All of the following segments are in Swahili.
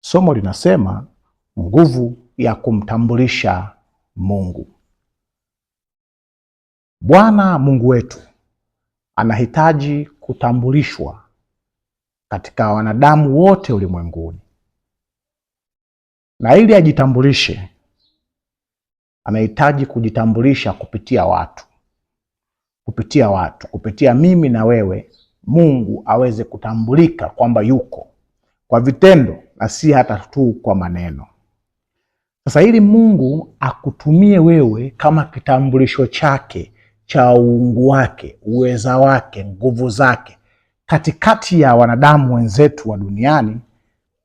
Somo linasema nguvu ya kumtambulisha Mungu. Bwana Mungu wetu anahitaji kutambulishwa katika wanadamu wote ulimwenguni, na ili ajitambulishe, anahitaji kujitambulisha kupitia watu, kupitia watu, kupitia mimi na wewe, Mungu aweze kutambulika kwamba yuko kwa vitendo na si hata tu kwa maneno. Sasa ili Mungu akutumie wewe kama kitambulisho chake cha uungu wake, uweza wake, nguvu zake katikati ya wanadamu wenzetu wa duniani,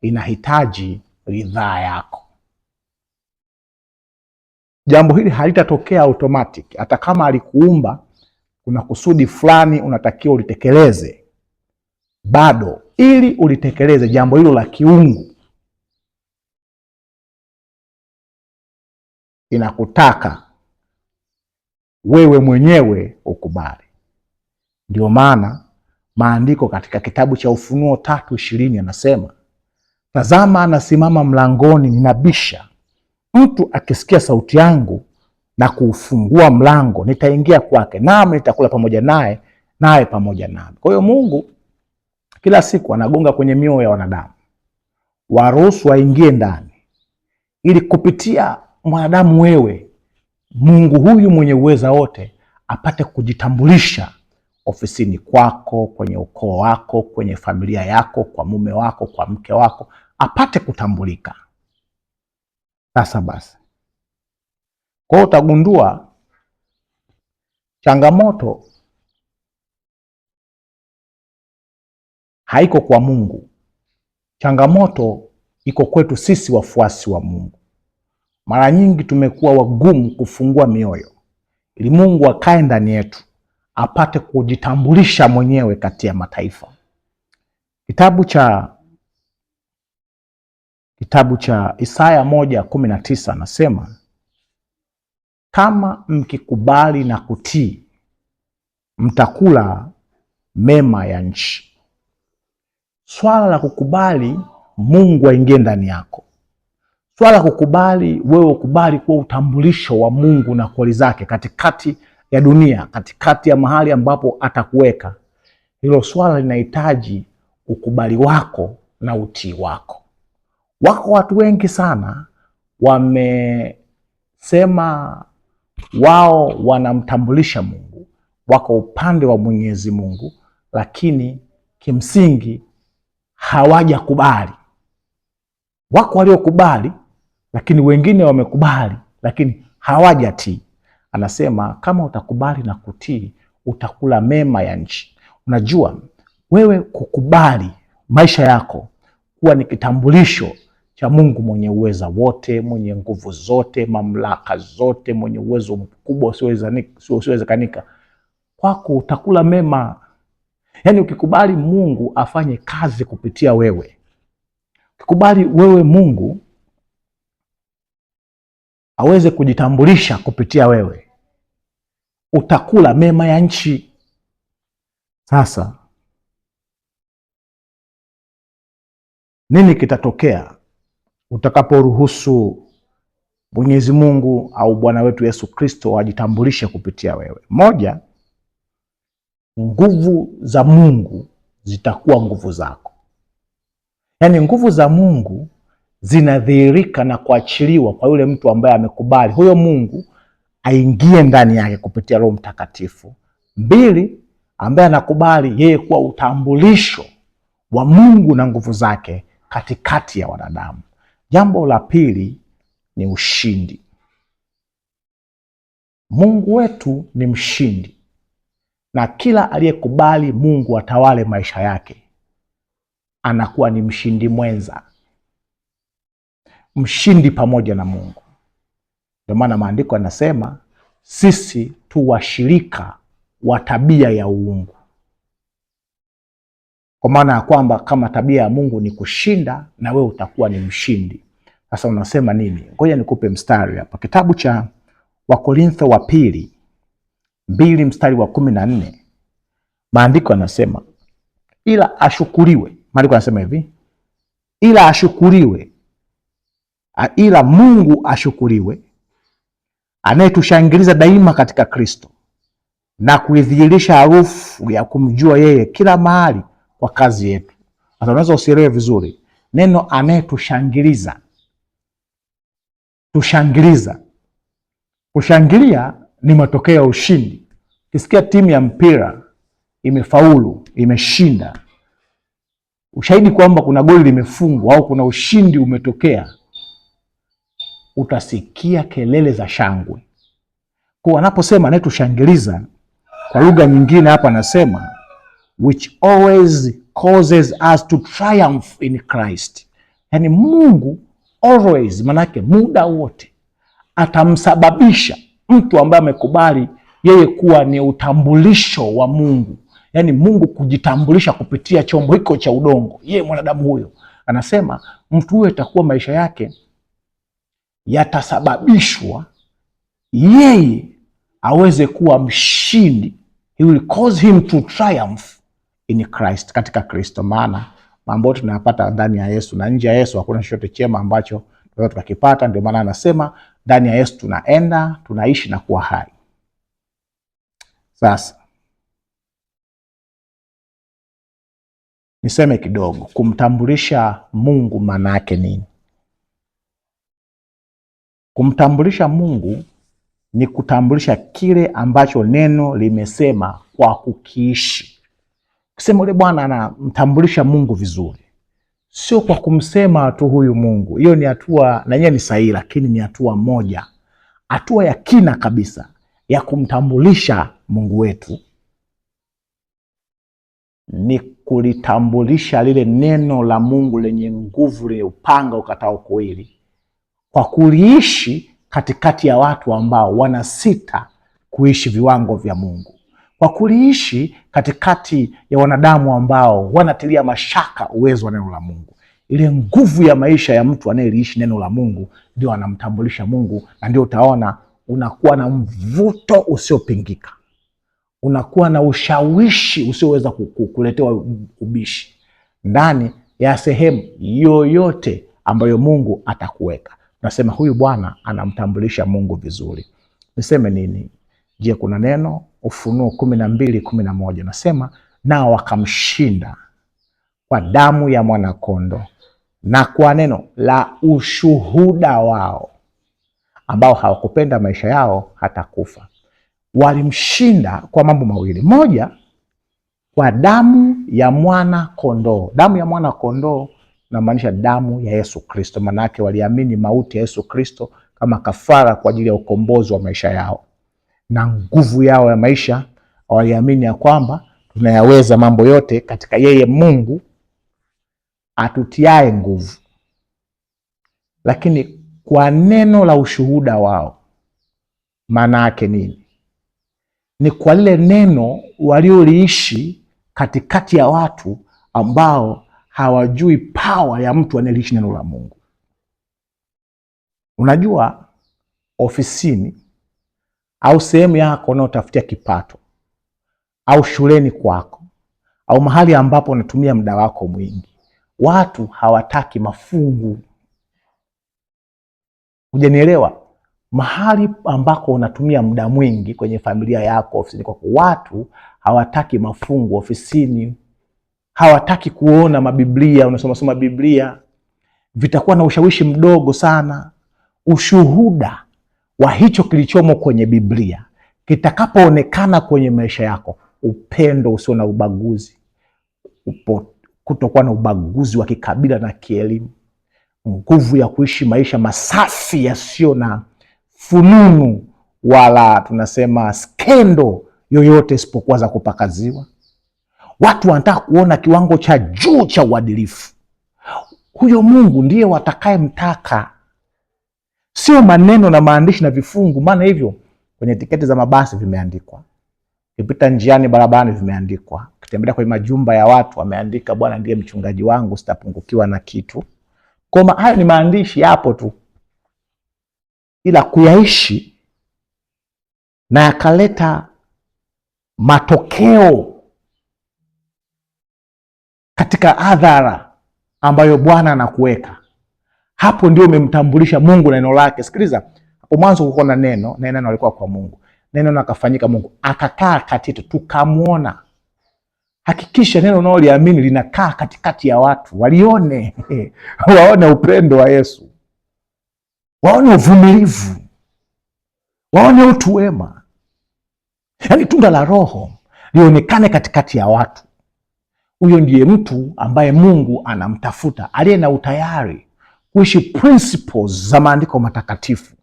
inahitaji ridhaa yako. Jambo hili halitatokea automatic. Hata kama alikuumba, kuna kusudi fulani unatakiwa ulitekeleze bado, ili ulitekeleze jambo hilo la kiungu, inakutaka wewe mwenyewe ukubali. Ndio maana maandiko katika kitabu cha Ufunuo tatu ishirini anasema tazama, anasimama mlangoni, ninabisha. Mtu akisikia sauti yangu na kuufungua mlango, nitaingia kwake, nami nitakula pamoja naye, naye pamoja nami. Kwa hiyo Mungu kila siku anagonga kwenye mioyo ya wanadamu, waruhusu waingie ndani, ili kupitia mwanadamu wewe, Mungu huyu mwenye uweza wote apate kujitambulisha ofisini kwako, kwenye ukoo wako, kwenye familia yako, kwa mume wako, kwa mke wako, apate kutambulika. Sasa basi, kwa hiyo utagundua changamoto haiko kwa Mungu. Changamoto iko kwetu sisi wafuasi wa Mungu. Mara nyingi tumekuwa wagumu kufungua mioyo ili Mungu akae ndani yetu apate kujitambulisha mwenyewe kati ya mataifa. Kitabu cha kitabu cha Isaya moja kumi na tisa anasema kama mkikubali na kutii mtakula mema ya nchi swala la kukubali Mungu aingie ndani yako, swala la kukubali wewe ukubali kuwa utambulisho wa Mungu na kweli zake katikati ya dunia, katikati ya mahali ambapo atakuweka, hilo swala linahitaji ukubali wako na utii wako. Wako watu wengi sana wamesema wao wanamtambulisha Mungu, wako upande wa Mwenyezi Mungu, lakini kimsingi hawajakubali. Wako waliokubali, lakini wengine wamekubali, lakini hawajatii. Anasema kama utakubali na kutii, utakula mema ya nchi. Unajua, wewe kukubali maisha yako kuwa ni kitambulisho cha Mungu mwenye uweza wote, mwenye nguvu zote, mamlaka zote, mwenye uwezo mkubwa usiowezekanika Kwako utakula mema Yaani ukikubali Mungu afanye kazi kupitia wewe, ukikubali wewe Mungu aweze kujitambulisha kupitia wewe, utakula mema ya nchi. Sasa nini kitatokea utakaporuhusu Mwenyezi Mungu au Bwana wetu Yesu Kristo ajitambulishe kupitia wewe? Moja, nguvu za Mungu zitakuwa nguvu zako. Yaani nguvu za Mungu zinadhihirika na kuachiliwa kwa yule mtu ambaye amekubali huyo Mungu aingie ndani yake kupitia Roho Mtakatifu. Mbili, ambaye anakubali yeye kuwa utambulisho wa Mungu na nguvu zake katikati ya wanadamu. Jambo la pili ni ushindi. Mungu wetu ni mshindi na kila aliyekubali Mungu atawale maisha yake anakuwa ni mshindi mwenza, mshindi pamoja na Mungu. Ndio maana maandiko yanasema sisi tu washirika wa tabia ya uungu, kwa maana ya kwamba kama tabia ya Mungu ni kushinda, na wewe utakuwa ni mshindi. Sasa unasema nini? Ngoja nikupe mstari hapa, kitabu cha Wakorintho wa pili mbili mstari wa kumi na nne maandiko anasema ila ashukuriwe, maandiko anasema hivi ila ashukuriwe, ila Mungu ashukuriwe anayetushangiliza daima katika Kristo na kuidhihirisha harufu ya kumjua yeye kila mahali kwa kazi yetu. Hata unaweza usielewe vizuri neno anayetushangiliza, tushangiliza, kushangilia ni matokeo ya ushindi. Ukisikia timu ya mpira imefaulu, imeshinda, ushahidi kwamba kuna goli limefungwa au kuna ushindi umetokea, utasikia kelele za shangwe. Kwa anaposema anayetushangiliza, kwa lugha nyingine hapa anasema which always causes us to triumph in Christ, yaani Mungu always, manake muda wote atamsababisha mtu ambaye amekubali yeye kuwa ni utambulisho wa Mungu, yaani Mungu kujitambulisha kupitia chombo hiko cha udongo, yeye mwanadamu huyo. Anasema mtu huyo atakuwa maisha yake yatasababishwa yeye aweze kuwa mshindi, he will cause him to triumph in Christ, katika Kristo. Maana mambo tunayapata ndani ya Yesu na nje ya Yesu hakuna chochote chema ambacho tunaweza tukakipata. Ndio maana anasema ndani ya Yesu tunaenda, tunaishi na kuwa hai. Sasa niseme kidogo, kumtambulisha Mungu maana yake nini? Kumtambulisha Mungu ni kutambulisha kile ambacho neno limesema kwa kukiishi. Kusema ule bwana anamtambulisha Mungu vizuri sio kwa kumsema tu huyu Mungu. Hiyo ni hatua na yeye ni sahihi, lakini ni hatua moja, hatua ya kina kabisa ya kumtambulisha Mungu wetu ni kulitambulisha lile neno la Mungu lenye nguvu, lenye upanga ukatao kuwili, kwa kuliishi katikati ya watu ambao wanasita kuishi viwango vya Mungu kwa kuliishi katikati ya wanadamu ambao wanatilia mashaka uwezo wa neno la Mungu. Ile nguvu ya maisha ya mtu anayeliishi neno la Mungu ndio anamtambulisha Mungu, na ndio utaona unakuwa na mvuto usiopingika, unakuwa na ushawishi usioweza kuletewa ubishi ndani ya sehemu yoyote ambayo Mungu atakuweka. Nasema huyu bwana anamtambulisha Mungu vizuri. Niseme nini? Je, kuna neno Ufunuo kumi na mbili kumi na moja nasema nao wakamshinda kwa damu ya kondo na kwa neno la ushuhuda wao, ambao hawakupenda maisha yao hata kufa. Walimshinda kwa mambo mawili, moja kwa damu ya mwana kondoo. Damu ya mwana kondoo namaanisha damu ya Yesu Kristo, maanake waliamini mauti ya Yesu Kristo kama kafara kwa ajili ya ukombozi wa maisha yao na nguvu yao ya maisha, waliamini ya kwamba tunayaweza mambo yote katika yeye Mungu atutiae nguvu. Lakini kwa neno la ushuhuda wao, maana yake nini? Ni kwa lile neno walioliishi katikati ya watu ambao hawajui pawa ya mtu anayeliishi neno la Mungu. Unajua, ofisini au sehemu yako unayotafutia kipato au shuleni kwako au mahali ambapo unatumia muda wako mwingi. Watu hawataki mafungu, hujanielewa? Mahali ambako unatumia muda mwingi kwenye familia yako, ofisini kwako, watu hawataki mafungu ofisini, hawataki kuona mabiblia unasoma soma Biblia, vitakuwa na ushawishi mdogo sana. Ushuhuda wa hicho kilichomo kwenye Biblia kitakapoonekana kwenye maisha yako, upendo usio na ubaguzi, kutokuwa na ubaguzi wa kikabila na kielimu, nguvu ya kuishi maisha masafi yasiyo na fununu wala tunasema skendo yoyote isipokuwa za kupakaziwa. Watu wanataka kuona kiwango cha juu cha uadilifu. Huyo Mungu ndiye watakayemtaka sio maneno na maandishi na vifungu, maana hivyo kwenye tiketi za mabasi vimeandikwa, ukipita njiani barabarani vimeandikwa, ukitembelea kwenye majumba ya watu wameandika, Bwana ndiye mchungaji wangu, sitapungukiwa na kitu. Kwa hayo ni maandishi yapo tu, ila kuyaishi na yakaleta matokeo katika adhara ambayo Bwana anakuweka hapo ndio umemtambulisha Mungu na neno lake. Sikiliza, hapo mwanzo kulikuwa na neno na neno alikuwa kwa Mungu, neno na akafanyika Mungu, akakaa kati yetu tukamwona. Hakikisha neno unaoliamini linakaa katikati ya watu, walione waone upendo wa Yesu, waone uvumilivu, waone utu wema, yaani tunda la Roho lionekane katikati ya watu. Huyo ndiye mtu ambaye Mungu anamtafuta, aliye na utayari kuishi principles za maandiko matakatifu,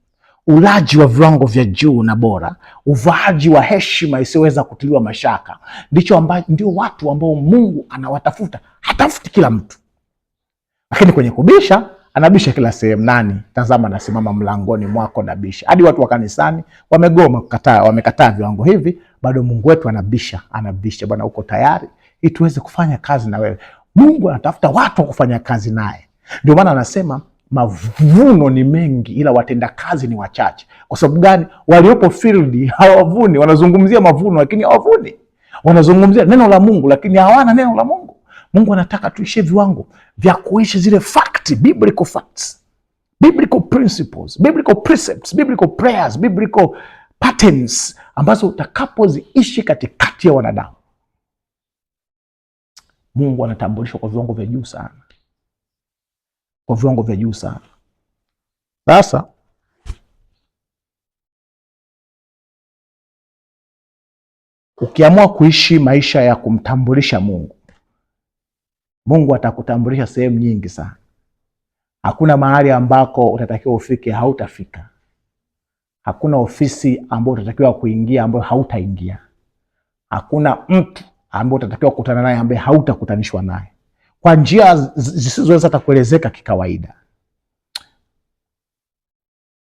ulaji wa viwango vya juu na bora, uvaaji wa heshima isiyoweza kutiliwa mashaka, ndicho ndio watu ambao Mungu anawatafuta. Hatafuti kila mtu, lakini kwenye kubisha anabisha kila sehemu. Nani? Tazama, nasimama mlangoni mwako nabisha. Hadi watu wa kanisani wamegoma kukataa, wamekataa viwango hivi, bado Mungu wetu anabisha, anabisha. Bwana, uko tayari ili tuweze kufanya kazi na wewe? Mungu anatafuta watu wa kufanya kazi naye. Ndio maana anasema mavuno ni mengi ila watendakazi ni wachache. Kwa sababu gani? Waliopo field hawavuni. Wanazungumzia mavuno lakini hawavuni, wanazungumzia neno la Mungu lakini hawana neno la Mungu. Mungu anataka tuishie viwango vya kuishi zile fact, biblical facts, biblical principles, biblical precepts, biblical prayers, biblical patterns ambazo utakapoziishi katikati ya wanadamu, Mungu anatambulishwa kwa viwango vya juu sana kwa viwango vya juu sana. Sasa ukiamua kuishi maisha ya kumtambulisha Mungu, Mungu atakutambulisha sehemu nyingi sana. Hakuna mahali ambako utatakiwa ufike hautafika. Hakuna ofisi ambayo utatakiwa kuingia ambayo hautaingia. Hakuna mtu ambaye utatakiwa kukutana naye ambaye hautakutanishwa naye kwa njia zisizoweza hata kuelezeka kikawaida.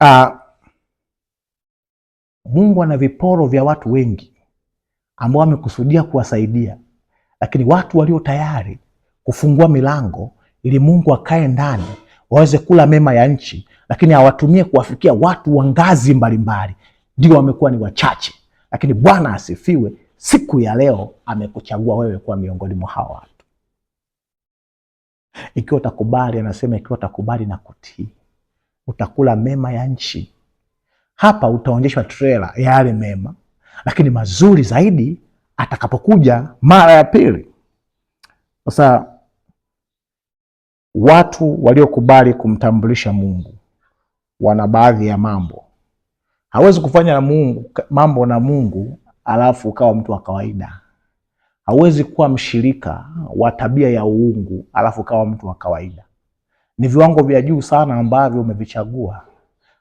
Uh, Mungu ana viporo vya watu wengi ambao amekusudia kuwasaidia, lakini watu walio tayari kufungua milango ili Mungu akae ndani waweze kula mema ya nchi, lakini hawatumie kuwafikia watu wa ngazi mbalimbali, ndio wamekuwa ni wachache. Lakini Bwana asifiwe, siku ya leo amekuchagua wewe kuwa miongoni mwa hawa. Ikiwa utakubali, anasema ikiwa utakubali na kutii, utakula mema ya nchi. Hapa utaonyeshwa trela ya yale mema, lakini mazuri zaidi atakapokuja mara ya pili. Sasa watu waliokubali kumtambulisha Mungu wana baadhi ya mambo. Hawezi kufanya na Mungu, mambo na Mungu alafu ukawa mtu wa kawaida. Hauwezi kuwa mshirika wa tabia ya uungu alafu kawa mtu wa kawaida. Ni viwango vya juu sana ambavyo umevichagua.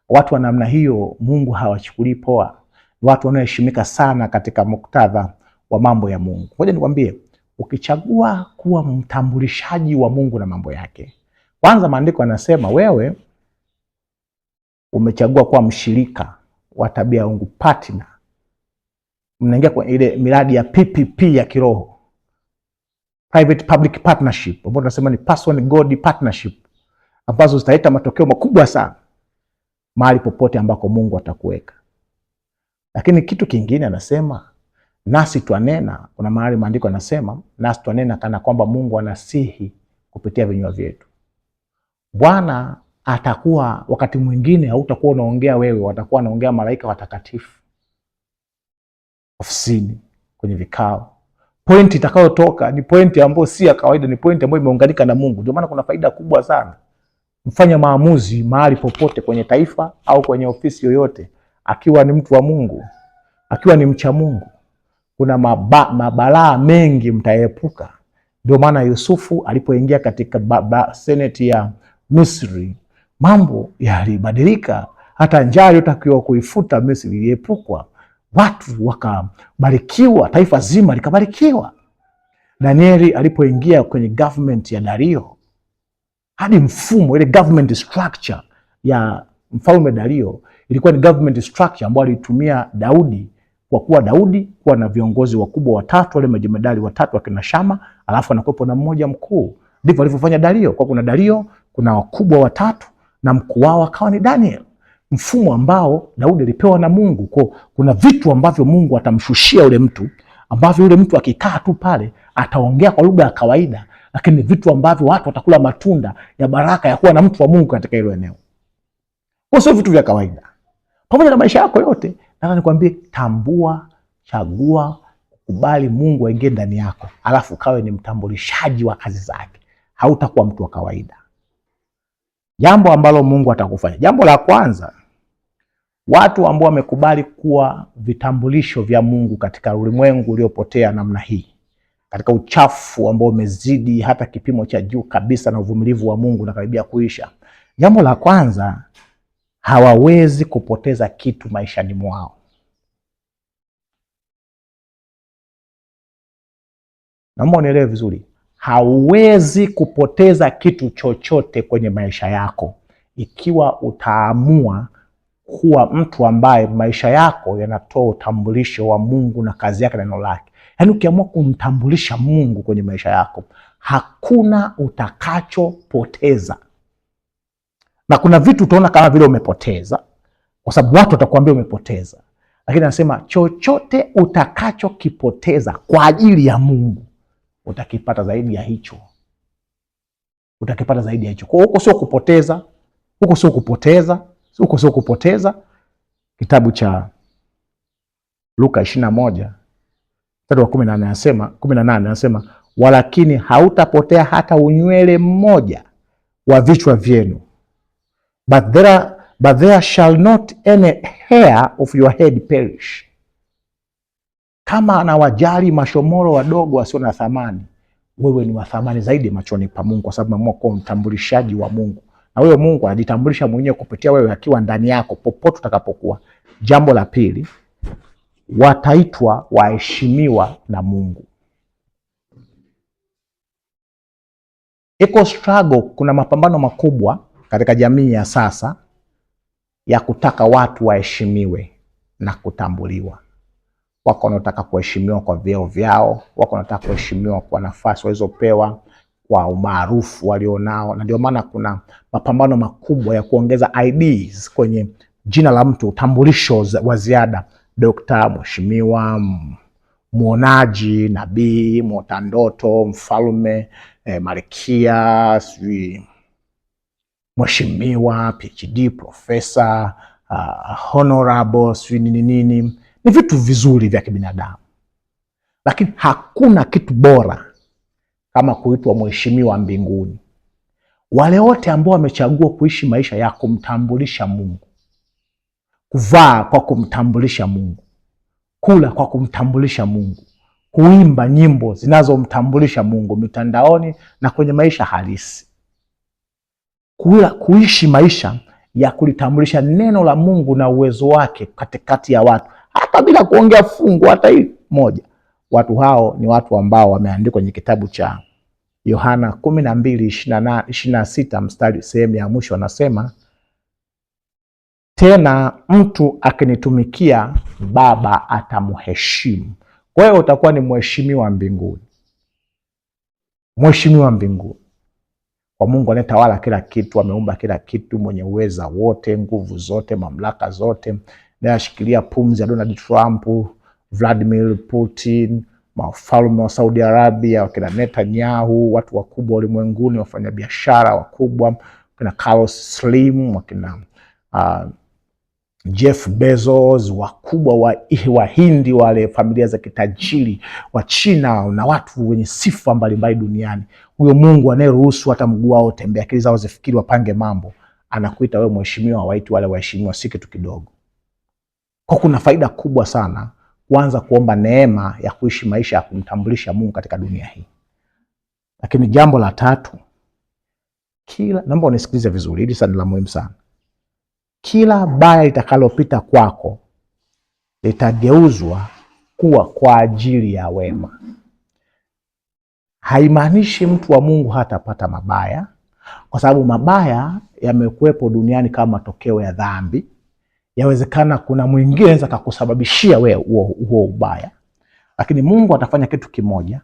Watu wa namna hiyo Mungu hawachukulii poa, watu wanaoheshimika sana katika muktadha wa mambo ya Mungu. Ngoja nikwambie, ukichagua kuwa mtambulishaji wa Mungu na mambo yake, kwanza maandiko yanasema wewe umechagua kuwa mshirika wa tabia ya uungu partner mnaingia kwa ile miradi ya PPP ya kiroho, private public partnership, ambayo tunasema ni person God partnership, ambazo zitaleta matokeo makubwa sana mahali popote ambako Mungu atakuweka. Lakini kitu kingine anasema nasi twanena. Kuna mahali maandiko anasema nasi twanena kana kwamba Mungu anasihi kupitia vinywa vyetu. Bwana atakuwa wakati mwingine hautakuwa unaongea wewe, watakuwa wanaongea malaika watakatifu ofisini, kwenye vikao. Pointi itakayotoka ni pointi ambayo si ya kawaida, ni pointi ambayo imeunganika na Mungu. Ndio maana kuna faida kubwa sana. Mfanya maamuzi mahali popote, kwenye taifa au kwenye ofisi yoyote, akiwa ni mtu wa Mungu, akiwa ni mcha Mungu, kuna maba, mabalaa mengi mtaepuka. Ndio maana Yusufu alipoingia katika ba, ba, seneti ya Misri mambo yalibadilika, hata njaa iliyotakiwa kuifuta Misri iliepukwa watu wakabarikiwa, taifa zima likabarikiwa. Danieli alipoingia kwenye government ya Dario, hadi mfumo ile government structure ya mfalme Dario ilikuwa ni government structure ambayo alitumia Daudi kwa kuwa Daudi kuwa na viongozi wakubwa watatu, wale majemadari watatu akina Shama, alafu anakuwepo na mmoja mkuu. Ndivyo alivyofanya Dario, kwa kuna Dario, kuna wakubwa watatu na mkuu wao akawa ni Daniel mfumo ambao Daudi alipewa na Mungu. Kwa kuna vitu ambavyo Mungu atamshushia yule mtu ambavyo yule mtu akikaa tu pale ataongea kwa lugha ya kawaida, lakini vitu ambavyo watu watakula matunda ya baraka ya kuwa na mtu wa Mungu katika hilo eneo. Kwa sio vitu vya kawaida. Pamoja na maisha yako yote, nataka nikwambie, tambua, chagua, kubali Mungu aingie ndani yako, alafu kawe ni mtambulishaji wa kazi zake. Hautakuwa mtu wa kawaida. Jambo ambalo Mungu atakufanya, jambo la kwanza watu ambao wamekubali kuwa vitambulisho vya Mungu katika ulimwengu uliopotea namna hii, katika uchafu ambao umezidi hata kipimo cha juu kabisa, na uvumilivu wa Mungu unakaribia kuisha. Jambo la kwanza, hawawezi kupoteza kitu maishani mwao. Naomba unielewe vizuri, hauwezi kupoteza kitu chochote kwenye maisha yako ikiwa utaamua kuwa mtu ambaye maisha yako yanatoa utambulisho wa Mungu na kazi yake na neno lake. Yaani ukiamua kumtambulisha Mungu kwenye maisha yako, hakuna utakachopoteza. Na kuna vitu utaona kama vile umepoteza, kwa sababu watu watakuambia umepoteza, lakini anasema chochote utakachokipoteza kwa ajili ya Mungu utakipata zaidi ya hicho, utakipata zaidi ya hicho. Kwa hiyo huko sio kupoteza, huko sio kupoteza uko sio kupoteza. Kitabu cha Luka 21 na moja mstari wa anasema 18 anasema walakini hautapotea hata unywele mmoja wa vichwa vyenu, but there, but there shall not any hair of your head perish. Kama anawajali mashomoro wadogo wasio na thamani, wewe ni wa thamani zaidi machoni pa Mungu, kwa sababu umeamua kuwa mtambulishaji wa Mungu na huyo Mungu anajitambulisha mwenyewe kupitia wewe akiwa ndani yako popote utakapokuwa. Jambo la pili, wataitwa waheshimiwa na Mungu. Iko struggle, kuna mapambano makubwa katika jamii ya sasa ya kutaka watu waheshimiwe na kutambuliwa. Wako wanataka kuheshimiwa kwa vyeo vyao, wako wanataka kuheshimiwa kwa nafasi walizopewa, kwa umaarufu walionao, na ndio maana kuna mapambano makubwa ya kuongeza IDs kwenye jina la mtu, utambulisho wa ziada, dokta, mheshimiwa, mwonaji, nabii, mwota ndoto, mfalme, eh, malkia, sijui mheshimiwa, PhD, profesa, uh, honorable, sijui nini nini. Ni vitu vizuri vya kibinadamu, lakini hakuna kitu bora kama kuitwa mheshimiwa mbinguni. Wale wote ambao wamechagua kuishi maisha ya kumtambulisha Mungu, kuvaa kwa kumtambulisha Mungu, kula kwa kumtambulisha Mungu, kuimba nyimbo zinazomtambulisha Mungu mitandaoni na kwenye maisha halisi, kula kuishi maisha ya kulitambulisha neno la Mungu na uwezo wake katikati ya watu, hata bila kuongea fungu hata hili moja Watu hao ni watu ambao wameandikwa kwenye kitabu cha Yohana kumi na mbili na sita mstari sehemu ya mwisho anasema, tena mtu akinitumikia Baba atamheshimu. Kwa hiyo utakuwa ni mheshimiwa mbinguni, mheshimiwa mbinguni kwa Mungu anayetawala kila kitu, ameumba kila kitu, mwenye uweza wote, nguvu zote, mamlaka zote, ashikilia pumzi ya Donald Trump Vladimir Putin, mafalme wa Saudi Arabia, wakina Netanyahu, watu wakubwa ulimwenguni, wafanyabiashara wakubwa, wakina Carlos Slim, wakina uh, Jeff Bezos, wakubwa wa Wahindi wale, familia za kitajiri wa China na watu wenye sifa mbalimbali duniani. Huyo Mungu anayeruhusu hata mguu wao tembea, akili zao zifikiri, wapange mambo, anakuita wewe mheshimiwa, waiti wale waheshimiwa, si kitu kidogo. Kwa kuna faida kubwa sana kuanza kuomba neema ya kuishi maisha ya kumtambulisha Mungu katika dunia hii. Lakini jambo la tatu, kila naomba unisikilize vizuri, hili sana la muhimu sana. Kila baya litakalopita kwako litageuzwa kuwa kwa ajili ya wema. Haimaanishi mtu wa Mungu hatapata mabaya, kwa sababu mabaya yamekuwepo duniani kama matokeo ya dhambi yawezekana kuna mwingine anaweza kakusababishia wewe huo ubaya, lakini Mungu atafanya kitu kimoja.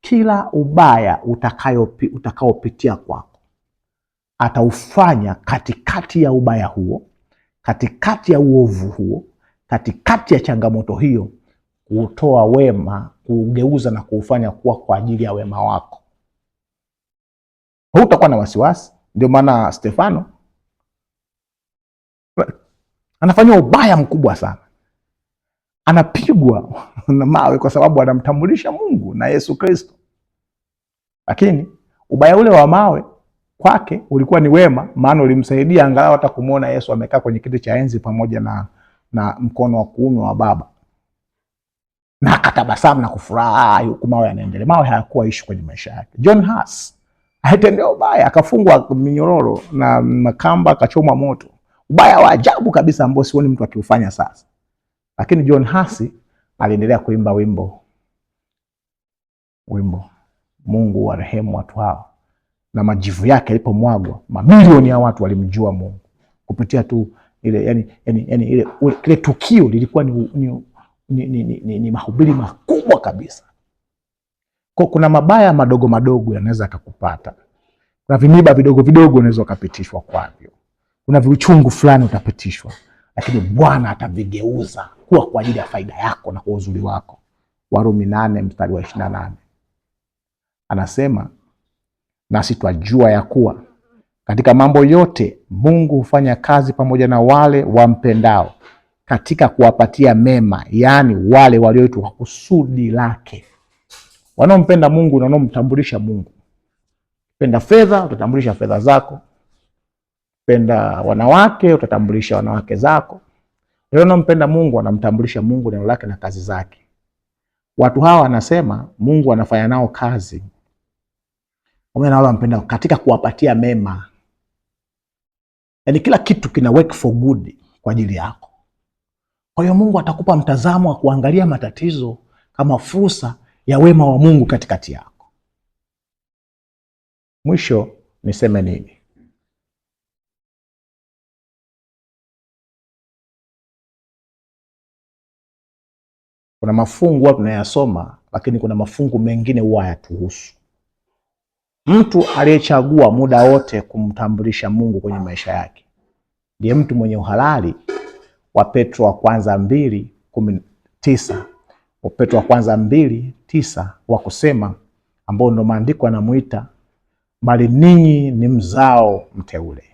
Kila ubaya utakayopi, utakaopitia kwako ataufanya katikati ya ubaya huo, katikati ya uovu huo, katikati ya changamoto hiyo, kuutoa wema, kuugeuza na kuufanya kuwa kwa ajili ya wema wako. Hutakuwa na wasiwasi. Ndio maana Stefano Anafanyiwa ubaya mkubwa sana, anapigwa na mawe kwa sababu anamtambulisha Mungu na Yesu Kristo. Lakini ubaya ule wa mawe kwake ulikuwa ni wema, maana ulimsaidia angalau hata kumwona Yesu amekaa kwenye kiti cha enzi pamoja na, na mkono wa kuume wa Baba, na akatabasamu na kufuraha ah, huku mawe yanaendelea. Mawe hayakuwa ishu kwenye maisha yake. John Huss alitendewa ubaya, akafungwa minyororo na makamba, akachomwa moto ubaya wa ajabu kabisa ambao sioni mtu akiufanya sasa. Lakini John Hasi aliendelea kuimba wimbo wimbo Mungu warehemu watu hao, na majivu yake yalipomwagwa, mamilioni ya watu walimjua Mungu kupitia tu ile yani, yani, yani, ile kile tukio lilikuwa ni, ni, ni, ni, ni, ni mahubiri makubwa kabisa. Kwa kuna mabaya madogo madogo yanaweza akakupata na vimiba vidogo vidogo unaweza ukapitishwa kwavyo. Una viuchungu fulani utapitishwa, lakini Bwana atavigeuza kuwa kwa ajili ya faida yako na kwa uzuri wako. Warumi nane mstari wa ishirini na nane anasema nasi twajua ya kuwa katika mambo yote Mungu hufanya kazi pamoja na wale wampendao katika kuwapatia mema, yaani wale walioitwa kwa kusudi lake, wanaompenda Mungu na wanaomtambulisha Mungu. Penda fedha, utatambulisha fedha zako. Penda wanawake, utatambulisha wanawake zako. Yule anampenda Mungu anamtambulisha Mungu, neno lake na kazi zake. Watu hawa anasema Mungu anafanya nao kazi mpenda katika kuwapatia mema, yaani kila kitu kina work for good kwa ajili yako. Kwa hiyo Mungu atakupa mtazamo wa kuangalia matatizo kama fursa ya wema wa Mungu katikati yako. Mwisho niseme nini? Kuna mafungu huwa tunayasoma, lakini kuna mafungu mengine huwa hayatuhusu. Mtu aliyechagua muda wote kumtambulisha Mungu kwenye maisha yake ndiye mtu mwenye uhalali wa Petro wa kwanza mbili kumi tisa wa Petro wa kwanza mbili tisa wa kusema, ambao ndo maandiko anamuita, bali ninyi ni mzao mteule,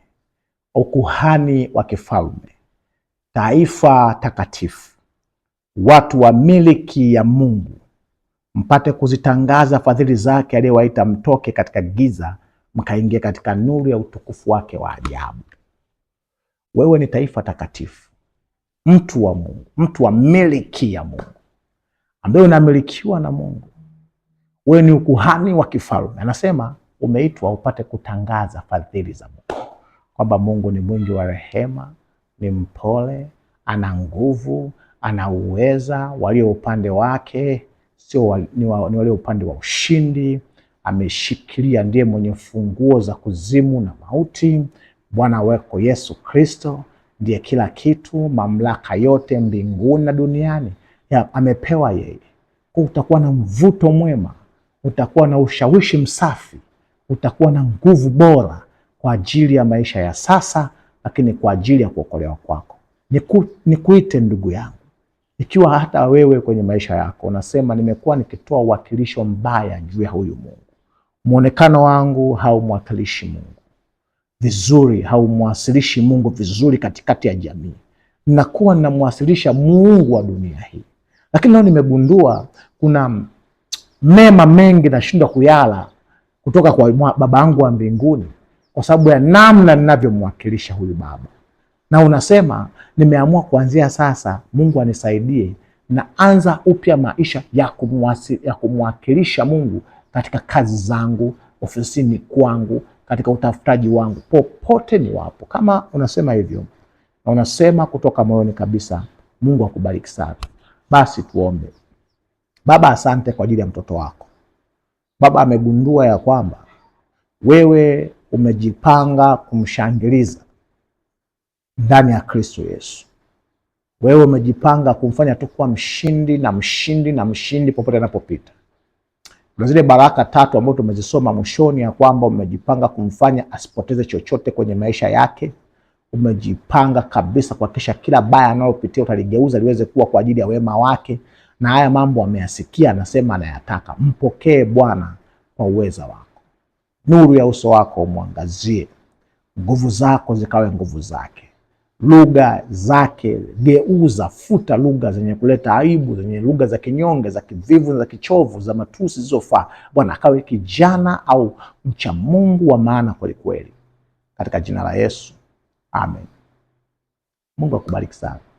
ukuhani wa kifalme, taifa takatifu watu wa miliki ya Mungu, mpate kuzitangaza fadhili zake aliyowaita mtoke katika giza mkaingia katika nuru ya utukufu wake wa ajabu. Wewe ni taifa takatifu, mtu wa Mungu, mtu wa miliki ya Mungu ambaye unamilikiwa na Mungu. Wewe ni ukuhani wa kifalme. Anasema umeitwa upate kutangaza fadhili za Mungu, kwamba Mungu ni mwingi wa rehema, ni mpole, ana nguvu, anauweza, walio upande wake sio ni walio upande wa ushindi. Ameshikilia, ndiye mwenye funguo za kuzimu na mauti. Bwana weko Yesu Kristo ndiye kila kitu, mamlaka yote mbinguni na duniani ya, amepewa yeye. Kwa utakuwa na mvuto mwema, utakuwa na ushawishi msafi, utakuwa na nguvu bora kwa ajili ya maisha ya sasa, lakini kwa ajili ya kuokolewa kwako. Niku, nikuite ndugu yangu ikiwa hata wewe kwenye maisha yako unasema nimekuwa nikitoa uwakilisho mbaya juu ya huyu Mungu, mwonekano wangu haumwakilishi Mungu vizuri, haumwasilishi Mungu vizuri katikati ya jamii, nakuwa ninamwasilisha Mungu wa dunia hii. Lakini leo nimegundua kuna mema mengi nashindwa kuyala kutoka kwa baba yangu wa mbinguni kwa sababu ya namna ninavyomwakilisha huyu Baba na unasema nimeamua kuanzia sasa, Mungu anisaidie, naanza upya maisha ya kumwasi, ya kumwakilisha Mungu katika kazi zangu, ofisini kwangu, katika utafutaji wangu, popote ni wapo. Kama unasema hivyo na unasema kutoka moyoni kabisa, Mungu akubariki sana. Basi tuombe. Baba, asante kwa ajili ya mtoto wako. Baba amegundua ya kwamba wewe umejipanga kumshangiliza ndani ya Kristo Yesu. Wewe umejipanga kumfanya tu kuwa mshindi na mshindi na mshindi popote anapopita. Kuna zile baraka tatu ambazo tumezisoma mwishoni, ya kwamba umejipanga kumfanya asipoteze chochote kwenye maisha yake. Umejipanga kabisa kuhakikisha kila baya analopitia utaligeuza liweze kuwa kwa ajili ya wema wake, na haya mambo ameyasikia, anasema anayataka. Mpokee Bwana kwa uweza wako, nuru ya uso wako umwangazie, nguvu zako zikawe nguvu zake lugha zake, geuza, futa lugha zenye kuleta aibu, zenye lugha za kinyonge, za kivivu, za kichovu, za matusi zisizofaa. Bwana akawe kijana au mcha Mungu wa maana kwelikweli, katika jina la Yesu, amen. Mungu akubariki sana.